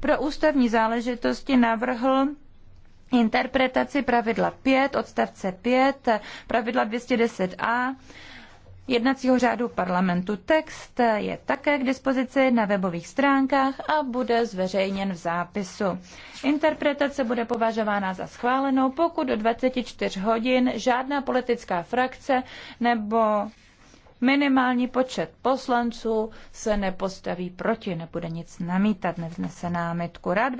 pro ústavní záležitosti navrhl interpretaci pravidla 5, odstavce 5, pravidla 210a jednacího řádu parlamentu. Text je také k dispozici na webových stránkách a bude zveřejněn v zápisu. Interpretace bude považována za schválenou, pokud do 24 hodin žádná politická frakce nebo minimální počet poslanců se nepostaví proti, nebude nic namítat, nevznese námitku. Rád bych